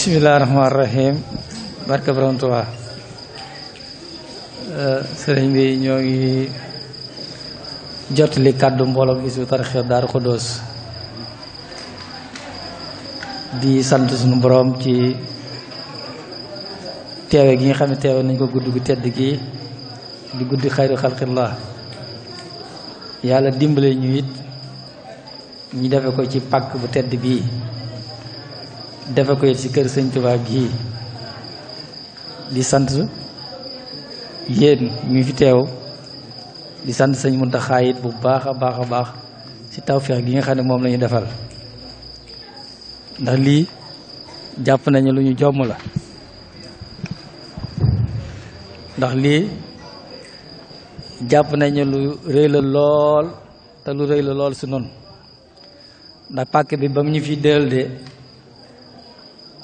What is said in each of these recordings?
bisimilah rahmaani rahiim barke borom Tuubaa eh, sëriñ bi ñoo ngi jot kàddu mbooloom Hizbut Tarqiyyah Daaru Xudoos di sant suñu boroom ci teewe gi nga xam teewe nañ ko gudd gu tedd gi di guddi xayru xalqillah yàlla dimbale ñu it ñu defe ko ci pàkk bu tedd bii defe ko it ci kër sëñ Tuubaa gii di sant yéen ñu fi teew di sant sëñ Muntaxa it bu baax a baax a baax ci tawféex gi nga xam ne moom la defal ndax lii jàpp nañu lu ñu jomm la ndax lii jàpp nañu lu rëy la lool te lu rëy la lool si noonu ndax pàkk bi ba mu ñu fi dellu de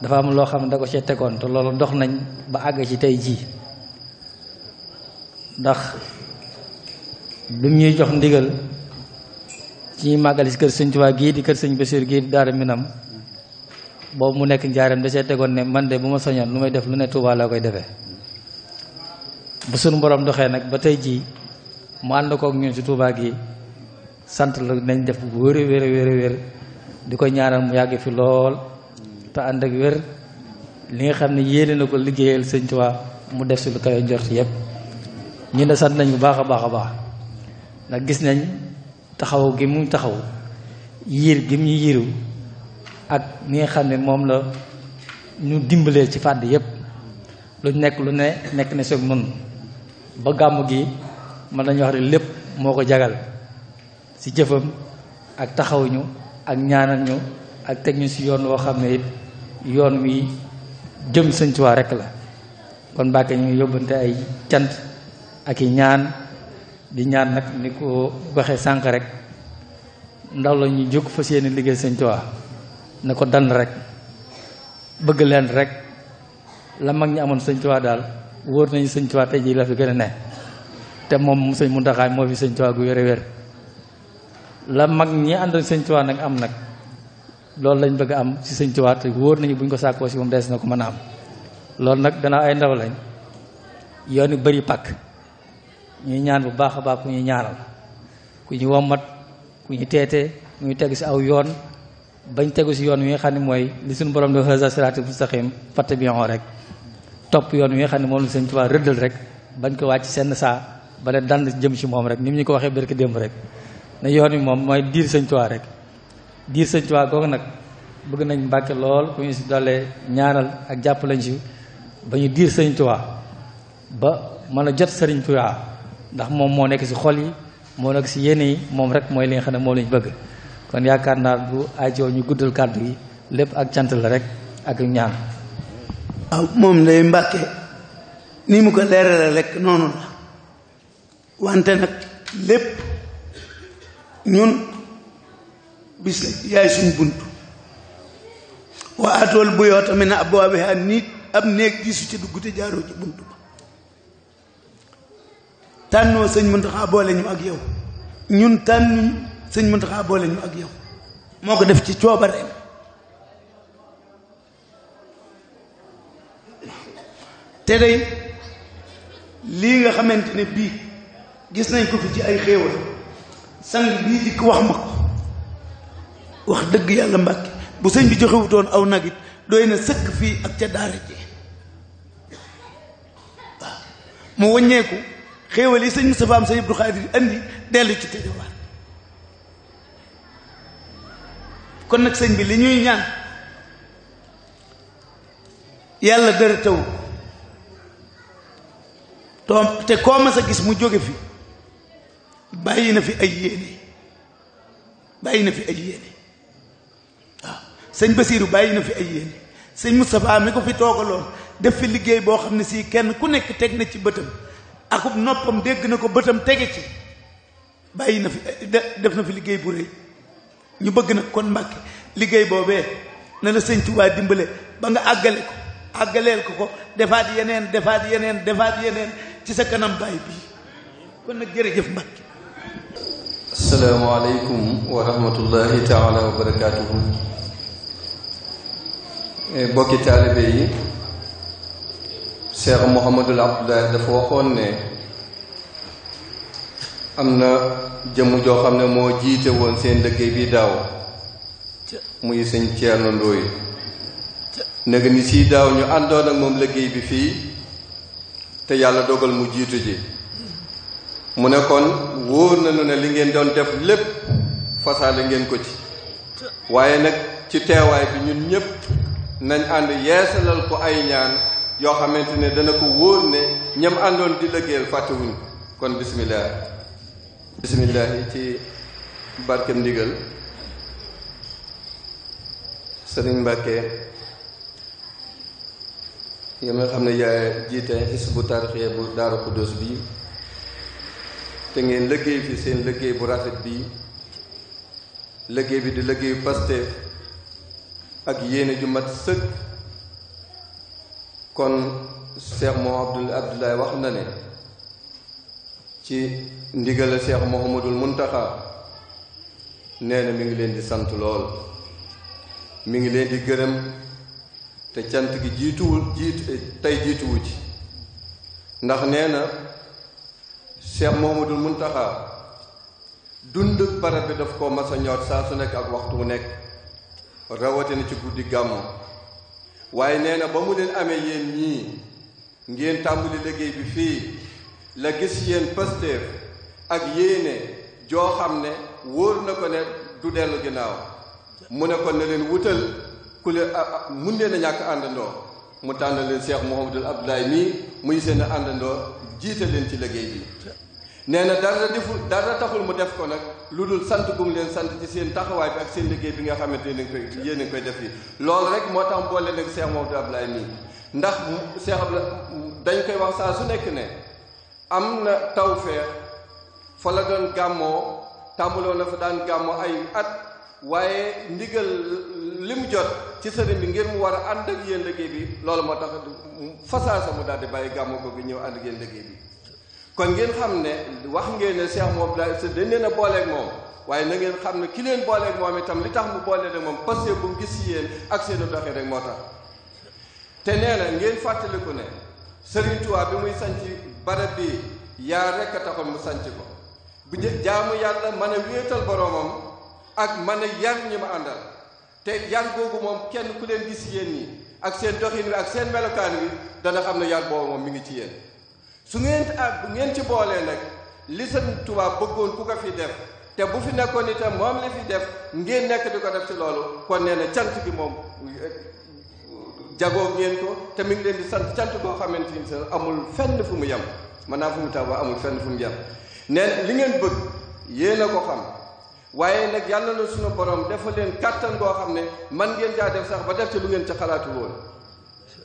dafa am loo xam ne da ko cee tegoon te loolu dox nañ ba àgg ci tey jii ndax bi ñuy jox ndigal ci màggali si kër sëñ Tuubaa gii di kër sëñ Basiir gii di Daara Minam boobu mu nekk njaareem da see tegoon ne man de bu ma soñoon lu may def lu ne Tuubaa laa koy defee bu suñu borom doxee nag ba tey jii mu ànd kook ñun ci Tuubaa gi sant la nañ def bu wér a di ko ñaanal mu yàgg fi lool te ànd ak wér li nga xam ne yéene na ko liggéeyal sëñ Tuubaa mu def si lu kawe njort yëpp ñu ne sant nañ bu baax a baax a baax ndax gis nañ taxaw gi mu taxaw yiir gi mu yiiru ak ni nga xam ne moom la ñu dimbalee ci fàdd yëpp lu nekk lu ne nekk na soog mën ba gàmm gi mën nañu wax ne lépp moo ko jagal si jëfam ak taxaw ak ñaanal ñu ak teg ñu si yoon woo xam ne it yoon wi jëm sëñ rek la kon Mbàkke ñu ngi yóbbante ay cant ak i ñaan di ñaan nag ni ko waxee sànq rek ndaw la ñu fa fas yéene liggéey sëñ Tuubaa na ko dand rek bëgg leen rek la mag ñi amoon sëñ Tuubaa daal wóor nañu sëñ Tuubaa tey jii la fi gën a ne te moom sëñ Muntaxaa moo fi sëñ Tuubaa gu wér a wér la mag ñi àndoon sëñ Tuubaa nag am nag loolu lañ bëgg a am ci sëñ te wóor nañu buñ ko sàkkoo ci moom des na ko mën a am loolu nag danaa ay ndaw lañ yoon yu bëri pakk ñuy ñaan bu baax a baax ku ñuy ñaanal ku ñu wommat ku ñu teete mu ñu tegu ci aw yoon bañ tegu ci yoon wi nga xam ne mooy li suñu borom di hasa siraatal mustaqiim fattabi'uuhu rek topp yoon wi nga xam ne moom la sëñ Tuubaa rëddal rek bañ ko wàcc senn saa ba ne dand jëm ci moom rek ni mu ñu ko waxee barki démb rek ne yoon wi moom mooy diir sëñ Tuubaa rek diir sëñ Tuubaa googu nag bëgg nañ Mbàkke lool ku ñu si dalee ñaanal ak jàppalañ si ba ñu diir sëñ Tuubaa ba mën a jot sëriñ Tuubaa ndax moom moo nekk si xol yi moo nekk si yéene yi moom rek mooy li nga xam ne moom lañ bëgg kon yaakaar naa bu ajoo ñu guddal kàddu yi lépp ak cant la rek ak ñaan waaw moom day Mbàkke ni mu ko leerale rek noonu la wante nag lépp ñun bis la yaay suñ bunt wa aatool bu yoo tamit na ab waabiha nit ab néeg gisu ci dugg te jaaroo ci bunt ba tànnoo sëñ Muntaxa boole ñu ak yow ñun tànnuñ sëñ Muntaxa boole ñu ak yow moo ko def ci coobareem te day lii nga xamante ne bii gis nañ ko fi ci ay xéewal sang bii dikk wax ma ko wax dëgg yàlla mbàkke bu sëñ bi joxewutoon aw nag it doy na sëkk fii ak ca daara ji waaw mu wàññeeku xéewal yi sëñ Moustapha am sëñ Abdou Khadir andi dellu ci tëjawaat kon nag sëñ bi li ñuy ñaan yàlla dara taw toom te koo mas a gis mu jóge fi bàyyi na fi ay yéene bàyyi na fi ay yéene sëñ Basiiru bàyyi na fi ay yéen sëñ Moustapha mi ko fi toogaloon def fi liggéey boo xam ne sii kenn ku nekk teg na ci bëtam akub noppam dégg na ko bëtam tege ci bàyyi na fi def na fi liggéey bu rëy ñu bëgg nag kon Mbàkke liggéey boobee na la sëñ Tuubaa dimbale ba nga àggale ko àggaleel ko ko defaat yeneen defaat yeneen defaat yeneen ci sa kanam baay bii kon nag jërëjëf Mbàkke asalaamaaleykum wa rahmatullahi taala wa barakaatuhu Eh, bokki taalibe yi Cheikh Mouhamadul Abdoulaye dafa waxoon ne am na jëmm joo xam ne moo jiite woon seen liggéey bi daaw muy sëñ Thierno Ndoye nega ni si daaw ñu àndoon ak moom liggéey bi fii te yàlla dogal mu jiitu ji mu ne kon wóor nañu ne li ngeen doon def lépp fasaale ngeen ko ci waaye nag ci teewaay bi ñun ñépp nañ ànd yeesalal ko ay ñaan yoo xamante ne dana ko wóor ne ñam àndoon di lëggeel fàttewuñ kon bisimilah bisimilah ci barkem ndigal sëriñ Mbàkke yow nga xam ne yaa jiite xisbu tarixee bu Daaru Xuddoos bi te ngeen liggéey fi seen liggéey bu rafet bi liggéey bi di liggéeyu Pastef ak yéene ju mat sëkk kon cheikh moo abdul abdullahi wax na ne ci ndigal cheikh mohamadul muntaxa nee na mi ngi leen di sant lool mu ngi leen di gërëm te cant gi jiituwul jiit tey jiituwu ci ndax nee na cheikh mohamadul muntaxa dund barab bi daf ko mas a ñor saa su nekk ak waxtu wu nekk rawatina ci guddi gàmmu waaye nee na ba mu leen amee yéen ñii ngeen tàmbali liggéey bi fii la gis yeen Pastef ak yéene joo xam ne wóor na ko ne du dellu ginnaaw mu ne ko ne leen wutal ku leen mun leen a ñàkk àndandoo mu tànn leen Cheikh ab daay mii mu seen àndandoo jiite leen ci liggéey bi nee na dara deful dara taxul mu def ko nag lu dul sant gum leen sant ci seen taxawaay bi ak seen liggéey bi nga xamante ne koy yéen a ngi koy def yi loolu rek moo tax boole nag Cheikh Maodo Abdoulaye nii ndax Cheikh Abdoulaye dañ koy wax saa su nekk ne am na tawfeex fa la doon gàmmoo tàmbaloo na daan gàmmoo ay at waaye ndigal li mu jot ci sëriñ mu war a ànd yéen liggéey bi loolu moo tax fasaa sa daal di bàyyi gàmmoo ko ñëw ànd ak yéen liggéey bi kon ngeen xam ne wax ngeen ne Cheikh moom la sa dañ leen a booleeg moom waaye na ngeen xam ne ki leen booleeg moom itam li tax mu boolee rek moom parce que bu mu yéen ak seenu doxee rek moo tax te nee ngeen fàttaliku ne Serigne Touba bi muy sanc barab bi yaa rekk a taxoon sanc ko bu jaamu yàlla mën a wéetal boroomam ak mën a yar ñi ma àndal te yar googu moom kenn ku leen gis yéen ñi ak seen doxin wi ak seen melokaan wi dana xam ne yar boobu moom mi ngi ci yéen su ngeen ak bu ngeen ci boolee nag li sëñ Tuubaa bëggoon ku ko fi def te bu fi nekkoon itam moom li fi def ngeen nekk di ko def ci loolu kon nee na cant bi moom jagoo ngeen ko te mi ngi leen di sant cant boo xamante ni sax amul fenn fu mu yem maanaam fu mu taw ba amul fenn fu mu yem nee li ngeen bëgg yéen a ko xam waaye nag yàlla na suñu borom dafa leen kàttan boo xam ne man ngeen jaa def sax ba def ci lu ngeen ci xalaatu woon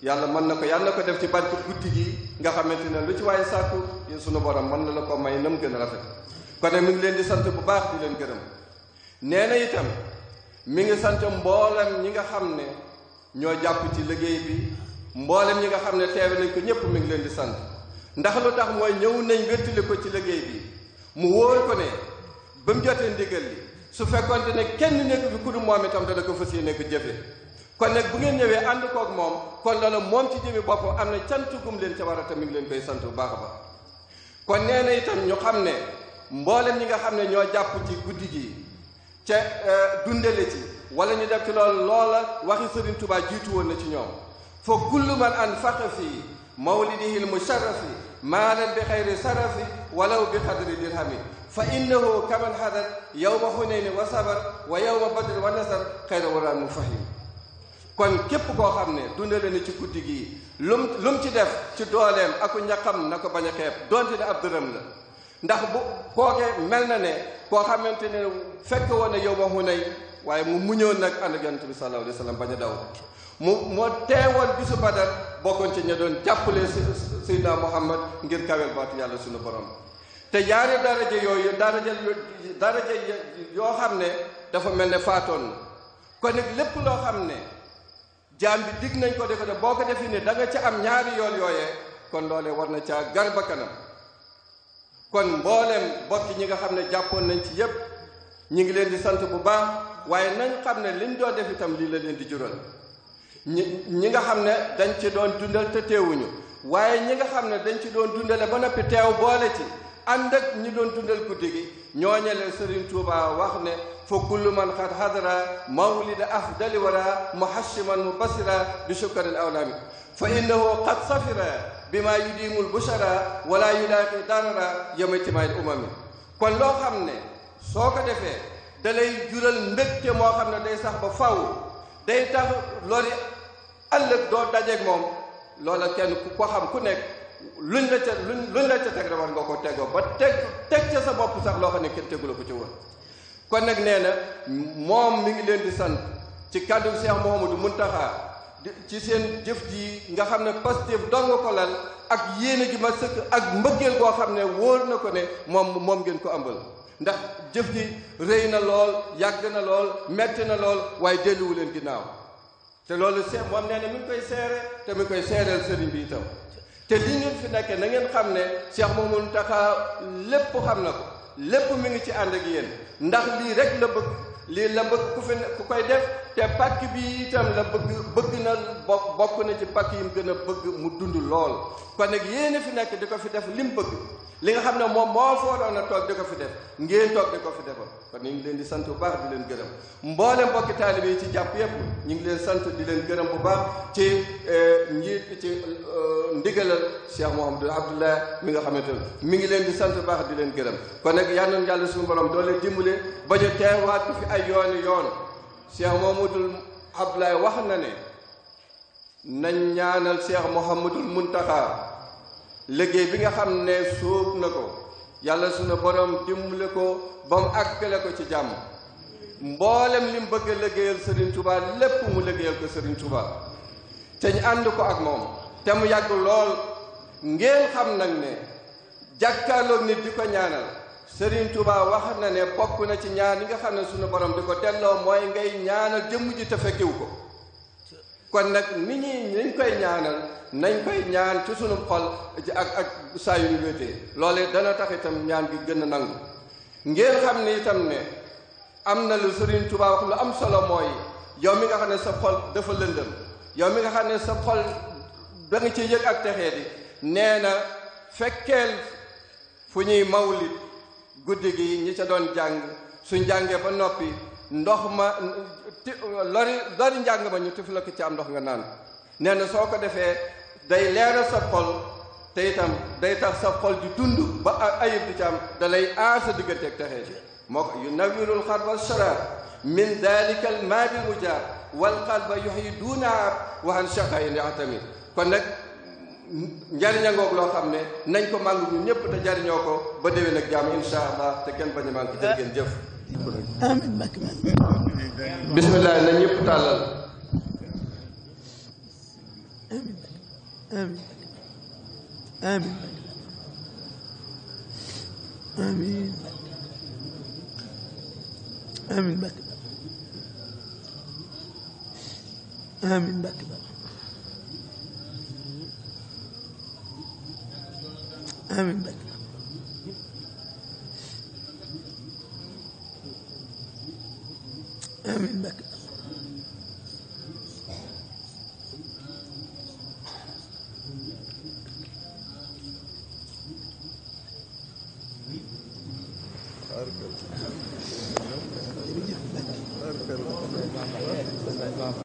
yàlla mën na ko yàlla na ko def ci barke guddi gi nga xamante ne lu ci waaye sàkku sunu borom mën na la ko may nam gën a rafet kon mi ngi leen di sant bu baax di leen gërëm nee na itam mi ngi sant mboolem ñi nga xam ne ñoo jàpp ci liggéey mboolem ñi nga xam ne teewe nañ ko ñëpp mi ngi leen di sant ndax lu tax mooy ñëw nañ wéttali ko ci liggéey bi mu wóor ko ne ba jotee ndigal su fekkonte ne kenn nekk bi ku du moom itam dana ko fas yéene ko kon nag bu ngeen ñëwee ànd kook moom kon loola moom ci jëmi boppam am na cant gum leen ca war a mi ngi leen koy sant bu baax ba kon nee na itam ñu xam ne mboolem ñi nga xam ne ñoo jàpp ci guddi gi ca euh, dundale ci wala ñu def ci loolu loola waxi Sëriñ Tuubaa jiitu woon na ci ñoom fa kullu man anfaqa fii mawlidihi lmusharrafi maalan bi xayri sarafi walaw bi xadri dirhami fa innahu kaman xadar yawma xunayni wa sabar wa yawma badri wa nasar xayra waraa mu fahim kon képp koo xam ne dundale ni ci guddi gii lum lu ci def ci dooleem aku ñaqam na ko bañ a xeeb donte ne ab dërëm la ndax bu kookee mel na ne koo xamante ne fekk woon ne yow ma Hunay waaye mu muñoon nag ànd ak yonent bi sallallahu alayhi wa bañ a daw mu moo teewoon bisu Badar bokkoon ci ña doon jàppale Seydina Muhammad ngir kawel baatu yàlla suñu borom te yaari daraja yooyu daraja daraja yoo xam ne dafa mel ne faatoon na kon nag lépp loo xam ne jaam bi dig nañ ko defe ne boo ko defee ne da nga ca am ñaari yoon yooye kon loole war na caa gar ba kanam kon mboolem bokki ñi nga xam ne jàppoon nañ ci yépp ñi ngi leen di sant bu baax waaye nañ xam ne liñ doon def itam lii la leen di jural ñi ñi nga xam ne dañ ci doon dundal te teewuñu waaye ñi nga xam ne dañ ci doon dundale ba noppi teew boole ci ànd ak ñi doon dundal guddi gi ñooñale Serigne Touba wax ne fa kullu man qad hadara mawlida afdali man muhashiman mubasira bi shukari awlaami fa innahu qad safira bima yudimu lbushara wala yulaaqi darara yawma ijtimaai umami kon loo xam ne soo ko defee da lay jural mbégte moo xam ne day sax ba faw day tax lori ëllëg doo dajeeg moom loola kenn ku ko xam ku nekk luñ la ca luñ luñ la ca teg rek war nga ko tegoo ba teg teg ca sa bopp sax loo xam ne kenn tegula ko ci woon kon nag nee na moom mi ngi leen di sant ci moomu Cheikh mun taxaa ci seen jëf ji nga xam ne Pastef dong ko lal ak yéene ji ma sëkk ak mbëggeel boo xam ne wóor na ko ne moom moom ngeen ko ambal ndax jëf ji rëy na lool yàgg na lool metti na lool waaye delluwu leen ginnaaw te loolu seet moom nee na mi ngi koy seere te mi koy seereel sëriñ bi itam te li ngeen fi nekkee na ngeen xam ne Cheikh Mouhamadou Mountakha lépp xam na ko lépp mi ngi ci ànd ak yéen ndax lii rek la bëgg lii la bëgg ku fi ku koy def te pakk bi itam la bëgg bëgg na bokk bokk na ci pakk yi mu gën a bëgg mu dund lool kon nag yéen a fi nekk di ko fi def li mu bëgg li nga xam ne moom moo foo doon a toog di ko fi def ngeen toog di ko fi defal kon ñu ngi leen di sant bu baax di leen gërëm mboolem mbokki taalibe yi ci jàpp yépp ñu ngi leen sant di leen gërëm bu baax ci eh, njiit ci eh, ndigalal Cheikh Mouhamadou Abdoulaye mi nga xamante ne mu ngi leen di sant bu baax di leen gërëm kon nekk yal na yàlla suñu borom doo leen dimbale ba ñu teewaat ko fi ay yooni yoon cheikh Mamadul Ablaay wax na ne nañ ñaanal cheikh Mouhamadul Muntaxa liggéey bi nga xam ne sóob na ko yàlla sunu boroom dimbali ko ba mu àggale ko ci jàmm mboolem li mu bëgg a liggéeyal Serigne Touba lépp mu liggéeyal ko Serigne Touba te ñu ànd ko ak moom te mu yàgg lool ngeen xam nag ne jàkkaarloog nit di ko ñaanal. Serigne Touba wax na ne bokk na ci ñaan yi nga xam ne suñu borom di ko delloo mooy ngay ñaanal jëmm ji te fekkiwu ko kon nag nit ñi nañ koy ñaanal nañ koy ñaan ci xol ak ak saa yu ñu wéetee loole dana tax ñaan gi gën a nangu ngeen xam ne itam ne am na lu Serigne Touba wax lu am solo mooy yow mi nga xam ne sa xol dafa lëndëm yow mi nga xam ne sa xol da nga ci yëg ak texee nee na fekkeel fu ñuy mawlit guddi gi ñi ca doon jàng suñ jàngee ba noppi ndox ma lori lori njàng ma ñu tuf la ko ci am ndox nga naan nee na soo ko defee day leeral sa xol te itam day tax sa xol di dund ba ayib di ci am da lay aar sa digganteeg texee moo ko yu nawirul xalba shara min dalika al maadi mujaab wal qalba yuhyi duuna wa an shaqayin yaatami kon nag njariña ngoog loo xam ne nañ ko màngu ñun ñëpp te jariñoo ko ba déwén ak jàmm insha allah te kenn bañ a màngu jërë ngeen jëf bismillah nañ ñëpp tàllal amin amin amin amin amiin